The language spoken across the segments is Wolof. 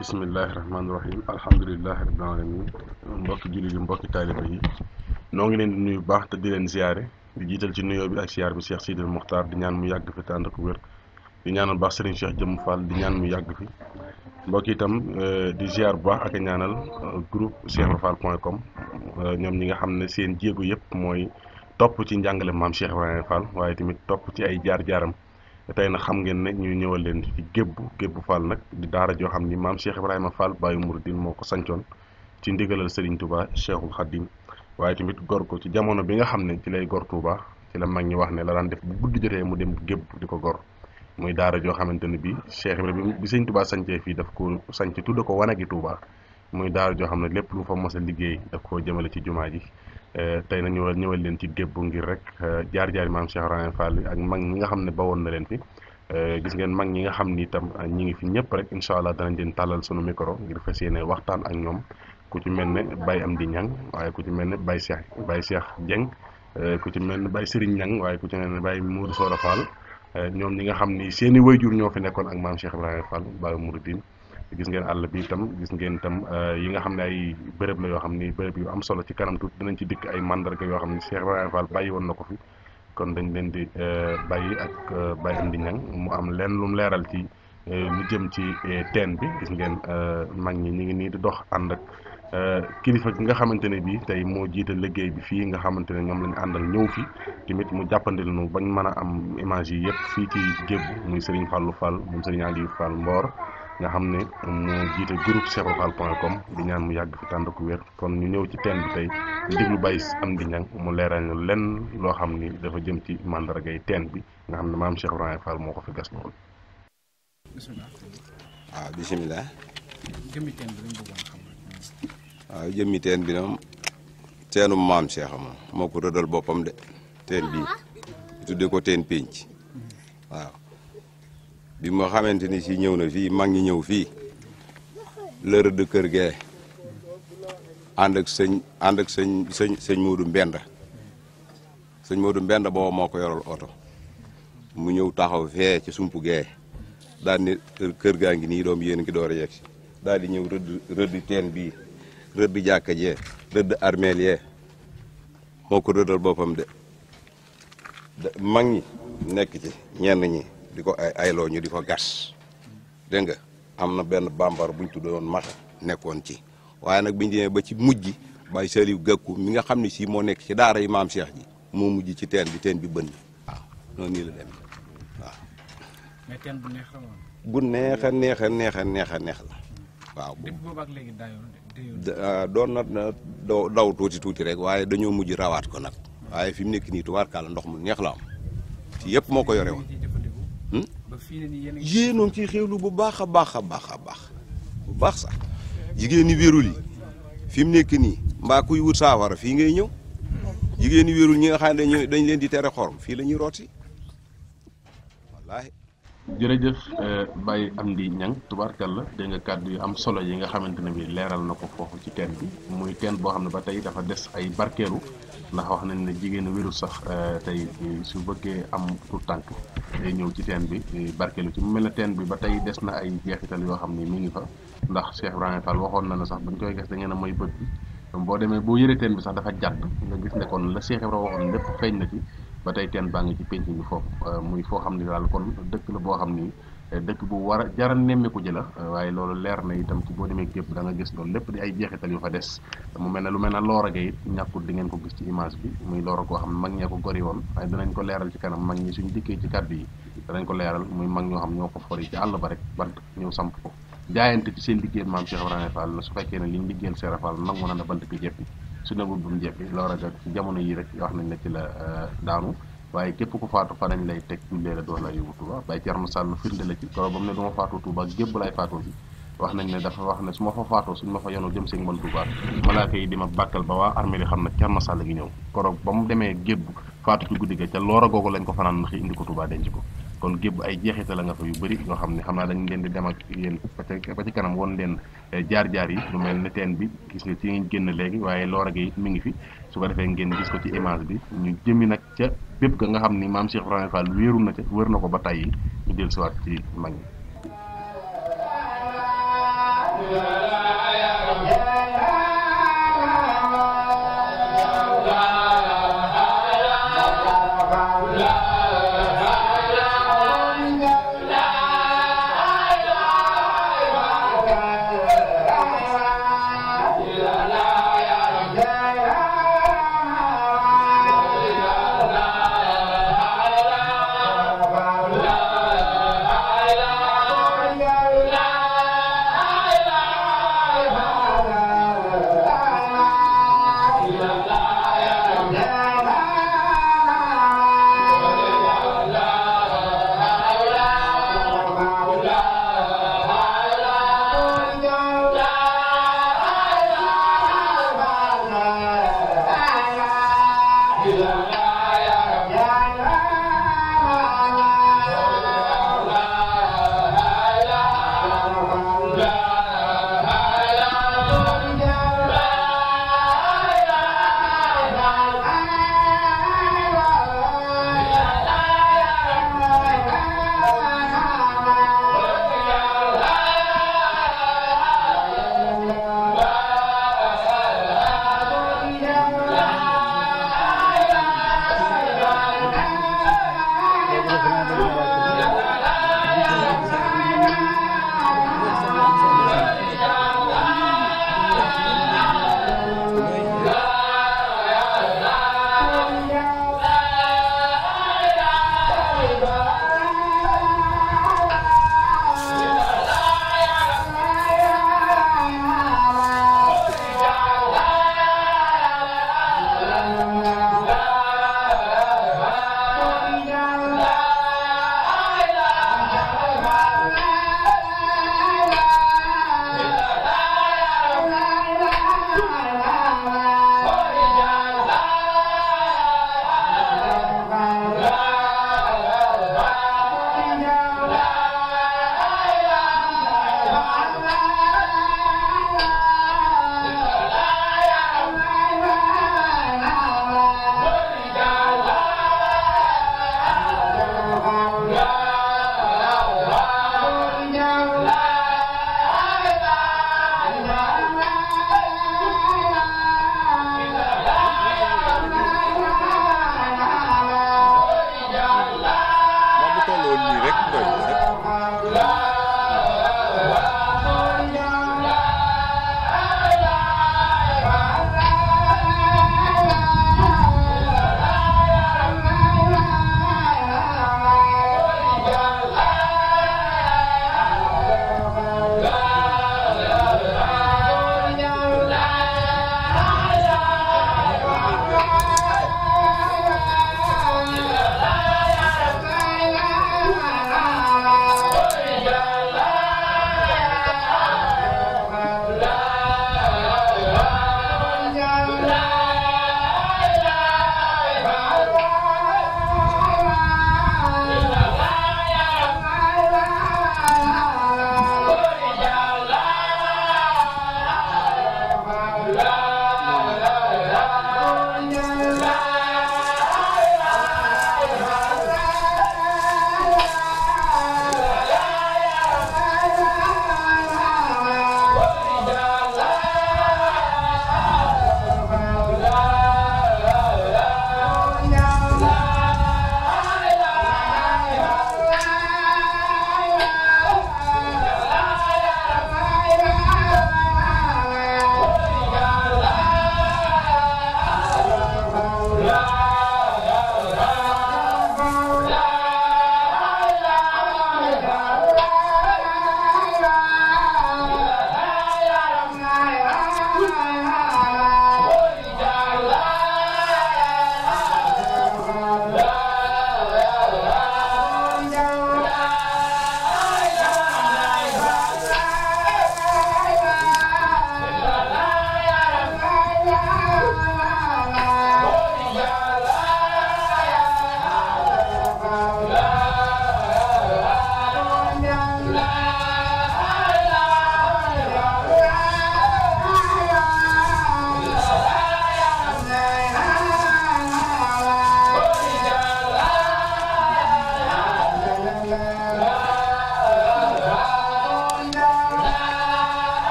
bisimillahi rahmaani rahim alhamdulilahi rabbil alamin mbokki jullit yi mbokki taaliba yi noo ngi leen di nuyu baax te di leen ziare di jiital ci nuyoo bi ak ziar bi Cheikh Sidil Mokhtar di ñaan mu yàgg fi te ànd ak wér di ñaanal baax Serigne Cheikh Jëmm Fall di ñaan mu yàgg fi mbokk itam euh, di ziar bu baax ak ñaanal euh, groupe cheikhrafal point com euh, ñoom ñi nga xam ne seen jéego yëpp mooy topp ci njàngale maam Cheikh Ibrahima Fall waaye tamit topp ci ay jaar-jaaram tey na xam ngeen ne ñu ñëwal leen fi gébbu gébbu faal nag di daara joo xam ni maam Cheikh Ibrahima Fall Baye Mouridine moo ko sancoon ci ndigalal Serigne Touba Cheikhul Khadim waaye tamit gor ko ci jamono bi nga xam ne ci lay gor Touba ci la mag ñi wax ne la daan def bu guddi jotee mu dem gébbu di ko gor muy daara joo xamante ne bi Cheikh Ibrahima bi Serigne Touba sancee fii daf ko sanc tudde ko wanagi Touba muy daara joo xam ne lépp lu fa mos liggéey da koo jëmale ci jumaa ji eh, tey na ñëwal ñëwal leen ci gébbu ngir rek jaar eh, jaar maam Cheikh Ibrahima Fall ak mag ñi nga xam ne bawoon na leen fi eh, gis ngeen mag ñi nga xam ni itam ñi ngi fi ñëpp rek incha allah danañ leen tàllal sunu micro ngir fas yéene waxtaan ak ñoom ku ci mel ne Baye Amdi Niang waaye ku ci mel ne Baye Cheikh Baye Cheikh Dieng ku ci mel ne Baye Serigne Niang waaye ku ci mel ne Baye Mourou Sora Fall ñoom ñi nga xam ni seen i wayjur ñoo fi nekkoon ak maam Cheikh Ibrahima Fall Baye Mouridine gis ngeen àll bi itam gis ngeen itam euh, yi nga xam ne ay bërëb la yoo xam ni bërëb yu am solo ci kanam tuuti dinañ ci dikk ay mandarga yoo xam ne Cheikh Ibrahima Fall bàyyi woon na ko fi kon dañ leen di euh, bàyyi ak euh, Baye Amdi Niang mu am leen lu mu leeral ci lu jëm ci teen gis ngeen mag ñi ñu ngi nii di dox ànd ak kilifa gi nga xamante ne bii tey moo jiite liggéey bi fii nga xamante ne ñoom lañu àndal ñëw fi tamit mu jàppandil nu bañ mën a am image yi yëpp fii ci Gébu muy Serigne Fallou Fall moom Serigne Aliou Fall Mbor. nga xamne mo jité jiite groupe serofal point com di ñaan mu yagg fi tan ko wër kon ñu ñew ci teen bi tey déglu bayis am di ñang mu léral ñu lenn lo xamni dafa jëm ci mandara gay teen bi nga xamne maam cheikh ibrahima fall moko fi gas lool bismillah ah bismillah jëmmi teen bi lañ bëggoon xam ah jëmmi teen bi moom teenu maam cheikh moom moo rëdal bopam de teen bi ah. tuddé ko teen pénc mm-hmm. waaw bi ma xamante ni si ñëw na fii mag ñi ñëw fii lërë de kër gee ànd ak sëñ ànd sëñ sëñ sëñ Moodu Mbenda sëñ Moodu Mbenda booba moo ko yoral oto mu ñëw taxaw fee ci sumpu gee daal kër gaa ngi nii doom yéen ngi door a si daal di ñëw rëdd rëdd teen bii rëdd jàkka jee rëdd armeel yee moo ko rëddal boppam de mag ñi nekk ci ñenn ñi di ko ay ayloo ñu diko ko gas dégg nga am na benn bambara buñ tuddoon mata nekkoon ci waaye nag biñ demee ba ci mujj gi Baye Saliou Gakou mi nga xam ne si moo nekk ci daara yi maam Cheikh ji moo mujj ci teen bi teen bi bënn waaw noonu bu neex la bu neex a neex neex a neex la waaw. depuis boobu ak léegi daayoon ah, doon na daw tuuti tuuti rek waaye dañoo mujj rawaat ko nag waaye fi mu nekk nii tubaarkaala ndox mu neex la am ci yëpp moo ko yore woon. yéen a ngi ciy xéwlu bu baax a baax a baax a baax bu baax sax jigéen ñi wérul yi fi mu nekk nii mbaa kuy wut saafara fii ngay ñëw jigéen ñi wérul ñi nga xam ne dañ leen di tere xorom fii la ñuy rooti wallaahi. jërëjëf euh, Baye Amdi Niang tubaarkàlla la nga kàddu yu am solo yi nga xamante ne bi leeral na ko foofu ci teen bi muy teen boo xam ne ba tey dafa des ay barkeelu. ndax wax nañ ne jigéen wérul sax euh, tey euh, su bëggee am tur tànk day ñëw ci teen bi euh, barkeelu ci mu mel ne teen bi ba tey des na ay jeexital yoo xam ne mu ngi fa ndax Cheikh Ibrahima waxoon na ne sax buñ koy ges da ngeen a mooy bët bi boo demee boo yëree teen bi sax dafa jàdd nga gis ne kon la Cheikh Ibrahima waxoon lépp feeñ na ci ba tey teen baa ngi ci pénc bi foofu muy foo xam ne daal kon dëkk la boo xam ni dëkk bu war a jara nemmiku ji la waaye loolu leer na itam ci boo demee képp danga gis loolu lépp di ay jeexital yu fa des mu mel ne lu mel ne loora ga it ñàkkul di ngeen ko gis ci image bi muy loora koo xam ne mag ñee ko gori woon waaye danañ ko leeral ci kanam mag ñi suñu dikkee ci kàddu yi danañ ko leeral muy mag ñoo xam ñoo ko fori ci àll ba rek bant ñëw samp ko jaayante ci seen liggéeyal maam Cheikh Ibrahima Fall la su fekkee ne li ñu liggéeyal Serre Fall nangu na ne bant bi jeppi su nagul bu mu jeppi loora ga ci ne ci la euh, daanu waaye képp ku faatu fa lañ lay teg jullee la door la yóbbu Touba Baye Thierno Sall firnde la ci keroog ba mu ne du ma faatoo gépp lay faatoo ji wax nañ ne dafa wax ne su ma fa faatoo suñ ma fa yonoo jëm seeg man Touba malaaka yi di ma bàkkal ba waa armée li xam ne Thierno Sall gi ñëw keroog ba mu demee gébb faatu ci guddi ga ca loora googu lañ ko fanaan ndax indi ko Touba denc ko kon gébb ay jeexitala nga fa yu bëri yoo xam ne xam naa dañ leen di dem ak yéen ba ci kanam woon leen eh, jaar-jaar yi lu mel ne teen bi gis nga ci ngeen génn léegi waaye loora gi mi ngi fi su ko defee ngeen gis ko ci image bi ñu jëmi nag ca bépp ga nga xam ni maam Cheikh Ibrahima Fall wéeru na ca wër na ko ba tàyyi ñu dellusiwaat ci mag ñi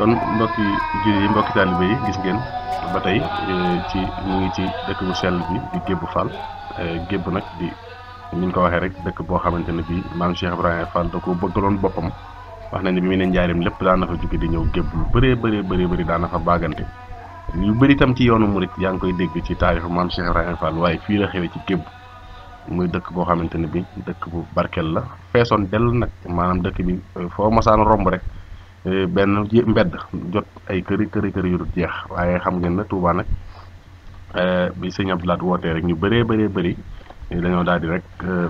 kon mbokki julli yi mbokki taalibe yi gis ngeen ba tay eh, ci ñu ngi ci dëkk bu sel bi di Gébbu Fall eh, Gébbu nak di ñu ko waxee rek dëkk bo xamanteni bi bii maam Cheikh ibrahim Fall da ko bëggaloon boppam wax na ni bi mi ne ndiarim lepp da na fa di ñew Gébbu lu bëree bëree bëri bëri daan na fa baagante yu bëri tam ci yoonu mourid yaa koy dégg ci taarixu maam Cheikh ibrahim Fall way fi la xewé ci Gébbu muy dëkk boo xamanteni bi dëkk bu barkel la feesoon del nak maanaam dëkk bi eh, foo masaan romb rek Eh, benn mbedd jot ay kër këri këri yu dul jeex waaye xam ngeen ne tuubaa nag eh, bi sëñ Abdou Lahad wootee rek ñu bëree bëree bëri eh, dañoo daal di rek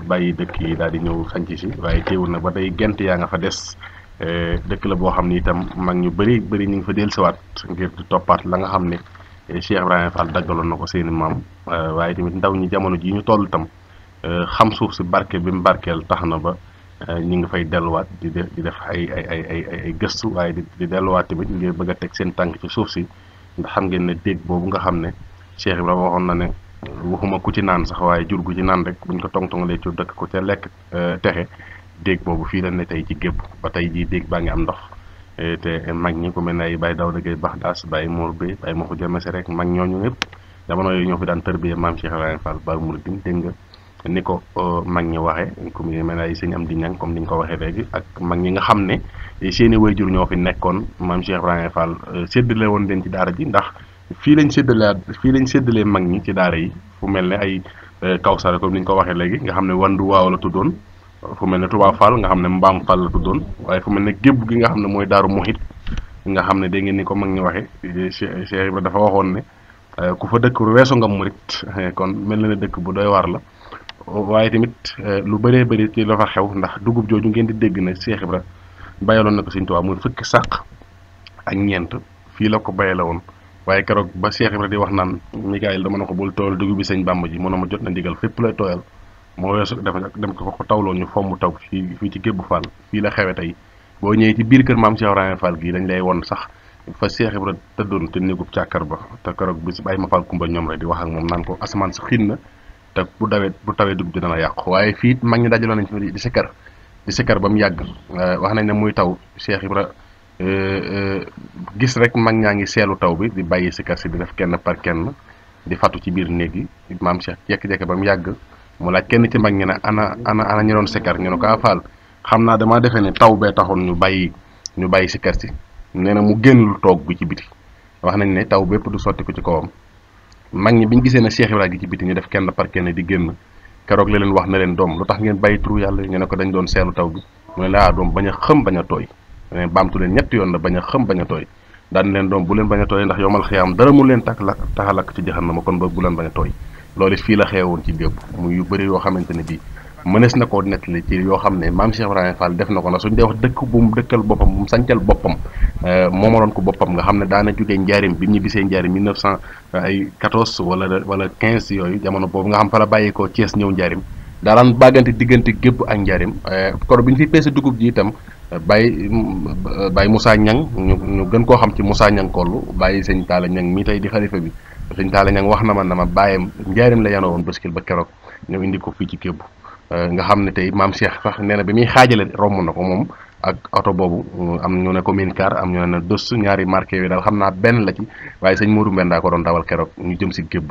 bàyyi dëkk yi daal di ñëw xanc si waaye teewul na ba tey gent yaa nga fa des dëkk la boo xam ni itam mag ñu bëri bëri ñu ngi fa dellusiwaat ngir di toppaat la nga xam ne Cheikh Ibrahima Fall daggaloon na ko seeni maam waaye tamit ndaw ñi jamono ji ñu toll itam xam suuf si barke bi mu barkeel tax na ba. Euh, ñu ngi fay delluwaat di def di def ay ay ay ay ay gëstu waaye di di delluwaat tamit ngir bëgg a teg seen tànk ci suuf si nga xam ngeen ne déeg boobu nga xam ne Cheikh Ibrahima waxoon na ne waxuma ku ci naan sax waaye jur gu ci naan rek buñ ko tongtongalee ci dëkk ko ca lekk euh, texe déeg boobu fii la ne tey ci gépp ba tey jii déeg baa ngi am ndox e, te mag ñi ku mel ne ay Baye baax Gueye Baxdaas Baye Mor Bey Baye Maxu Jamese rek mag ñooñu ñëpp jamono yooyu ñoo fi daan tërbiyee maam Cheikh Ibrahima Fall Baye nga ni ko euh, mag ñi waxee comme yu mel ne ay sëñ am di ñang comme ni ñu ko waxee léegi ak mag ñi nga xam ne seeni wayjur ñoo fi nekkoon maam Cheikh Ibrahima euh, sedd lee woon leen ci daara ji ndax fii lañ séddale fii lañ séddalee mag ñi ci daara yi fu mel ne ay euh, sare comme li ñu ko waxee léegi nga xam ne wandu waaw la tuddoon fu mel ne Touba Fall nga xam ne Mbaam Fall la tuddoon waaye fu mel ne gébb gi nga xam ne mooy daaru moxit nga xam ne dégg ngeen ni ko mag ñi waxee eh, Cheikh dafa waxoon ne ku fa dëkk weesu nga murit kon mel na ne dëkk bu doy waar la waaye tamit euh, lu baree bëri ci la fa xew ndax dugub jooju ngeen di dégg na Cheikh Ibra bayaloon na ko Sëñ Tuubaa muy fukki sàq ak ñeent fii la ko bayala woon waaye keroog ba Cheikh Ibra di wax naan Mikaayil dama na ko bul tooyal dugub bi Sëñ Bàmba ji mu ne ma jot na ndigal fépp lay tooyal moo weesu dafa dem ko ko tawloo ñu fomm taw fii fii ci Gébbu Fall fii la xewe tey boo ñëwee ci biir kër maam Cheikh Ibrahima dañ lay won sax fa Cheikh Ibra tëddoon te néegub càkkar ba te keroog bis bàyyi ma Fall Kumba ñoom rek di wax ak moom naan ko asamaan si xiin na te bu dawee bu tawee dugub dina la yàqu waaye fii mag ñi dajaloo nañ fi di sikkar di sikkar ba mu yàgg eh, wax nañ ne muy taw Cheikh Ibra eh, eh, gis rek mag ñaa ngi seelu taw bi di bàyyi sikkar si di def kenn par kenn di fattu ci biir néeg yi maam Cheikh jekki-jekki ba mu yàgg mu laaj kenn ci mag ñi ne ana ana ana ñu doon sikkar ñu ah, faal xam naa damaa defee ne taw bee taxoon ñu bàyyi ñu bàyyi sikkar si nee na mu génn toog bi ci biti wax nañ ne taw bépp du sotti ko ci kawam nag ñi bi ñu gisee ne Cheikh Ibrahima gi ci biti ñu def kenn par kenn di génn keroog la leen wax ne leen doom lu tax ngeen bàyyi turu yàlla ñu ne ko dañ doon seelu taw bi mu ne laa doom bañ a xëm bañ a tooy ne leen ñetti yoon la bañ a xëm bañ a tooy daan leen doom bu leen bañ a tooy ndax yomal xiyaam dara mu leen takk la taxalakk ci jaxan kon ba bu leen bañ a tooy loolu fii la xewoon ci géebu muy yu bëri yoo xamante ne bii mënees na koo nettali ci yoo xam ne maam Cheikh Ibrahima Fall def na ko ndax suñ dee wax dëkk bu mu dëkkal boppam bu mu sancal boppam euh, moomaloon ko boppam nga xam ne daana jógee njaarim bi ñu bisee njaarim mille neuf cent euh, ay quatorze wala wala quinze yooyu jamono boobu nga xam fa la bàyyi ko Thiès ñëw njaarim daalaan bàggante diggante gépp ak njaarim euh, koro bi ñu fi peese dugub ji itam bàyyi bàyyi Moussa Niang ñu ñu gën koo xam ci Moussa Niang kollu bàyyi sëñ Talla Niang mii tey di xalifa bi sëñ Talla Niang wax na ma na ma bàyyam njaarim la yanoo woon baskil ba keroog ñëw indi ko fii ci kébbu Euh, nga xam ne tey maam Cheikh sax nee na bi muy xaajale romb na ko moom ak oto boobu euh, am ñu ne commune car am ñu ne xam naa benn la ci waaye sëñ Modou Mbenda ko doon dawal keroog ñu jëm si dëkk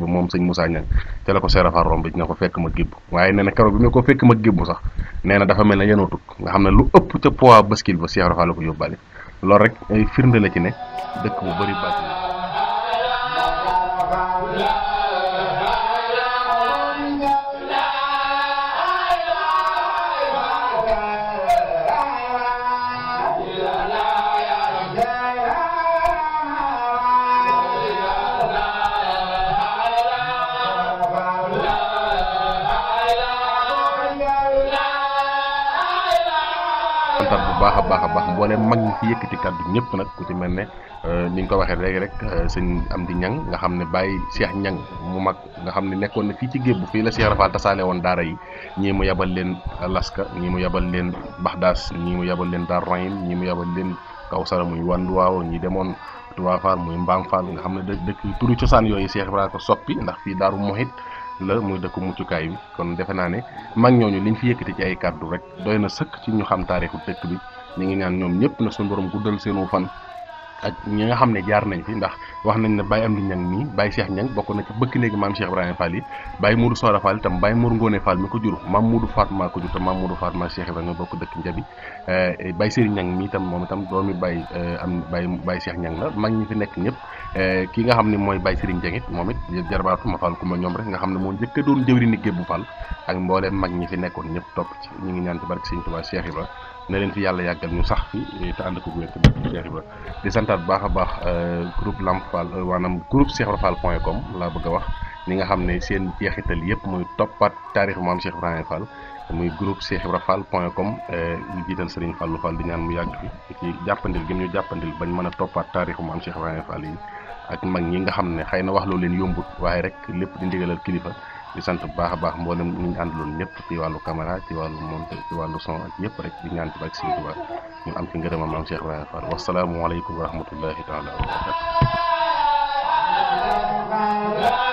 ba moom sëñ Moussa Niang te la ko seerafar romb bi dina ko fekk ma gébbu waaye nee na keroog bi mu ko fekk baskil ba Cheikh Rafa la ko yóbbaale loolu rek ay firnde la ci ne dëkk bu bëri bàcc baax a baax a baax mboolem mag ñi fi yëkkati kàddu ñëpp nag ku ci mel ne euh, ni nga ko waxee léegi rek euh, seen am di Ñang nga xam ne bàyyi Cheikh Ñang mu mag nga xam ne nekkoon na fii ci géej bu fii la Cheikh Rafal tasaale woon daara yi ñii mu yabal leen Laska ñii mu yabal leen Baxdaas ñii mu yabal leen Dar Rahim ñii mu yabal leen Kawsara muy Wanduwaaw ñi demoon Touba Fall muy Mbaam Fall nga xam ne dëkk turu cosaan yooyu Cheikh Ibrahima ko soppi ndax fii Daaru Muhit la muy dëkku muccukaay bi kon defe naa ne mag ñooñu li liñ fi yëkkati ci ay kàddu rek doy na sëkk ci ñu xam taarixu dëkk bi ñu ngi ñaan ñoom ñëpp na suñu borom guddal seenu fan ak ñi nga xam ne jaar nañ fi ndax wax nañ ne Baye Amdi Ñang mii bay Cheikh Ñang bokk na bëkk néegi maam Cheikh Ibrahima Fall yi Baye Modou Sora Fall itam Baye Mor Ngone Fall mi ko jur maam Modou Fatma ko jur te maam Modou Fatma Cheikh bokk dëkk Njabi eh, Baye Serigne Ñang mii itam moom itam doomi bay eh, am Baye Baye Cheikh Ñang la mag ñi fi nekk ñëpp Eh, ki nga xam ne mooy Baye Serigne Dieng it moom it jarbaatu ma fal ku ma ñoom rek nga xam ne moo njëkk a doon jëwriñu Gébu Fall ak mbooleem mag ñi fi nekkoon ñëpp topp ci ñu ngi ñaan ci barke Serigne Touba Cheikh yàlla yàggal ñu sax fi eh, te ànd ko wér ci barke baax a baax eh, groupe Lamp Fall maanaam groupe Cheikh Ibra Fall point com laa bëgg a wax ñi nga xam ne seen jeexital yëpp mooy toppaat taarixu maam Cheikh Ibrahima Fall muy groupe Cheikh Ibra Fall point com ñu jiital Serigne Fallou Fall di ñaan mu yàgg fi ci jàppandil gi ñu jàppandil bañ mën a toppaat taarixu maam Cheikh Ibrahima Fall yi ak mag ñi nga xam ne xëy na wax loo leen yombut waaye rek lépp di ndigalal kilifa di sant bu baax a baax mboolem ñu ànd àndaloon ñëpp ci wàllu caméra ci wàllu monté ci wàllu son ak yëpp rek di ñaan ci baax Sëriñ Tuubaa ñu am ci ngërëmam maam Cheikh Ibrahima Fall wasalaamualeykum wa rahmatullahi taala wa barakatu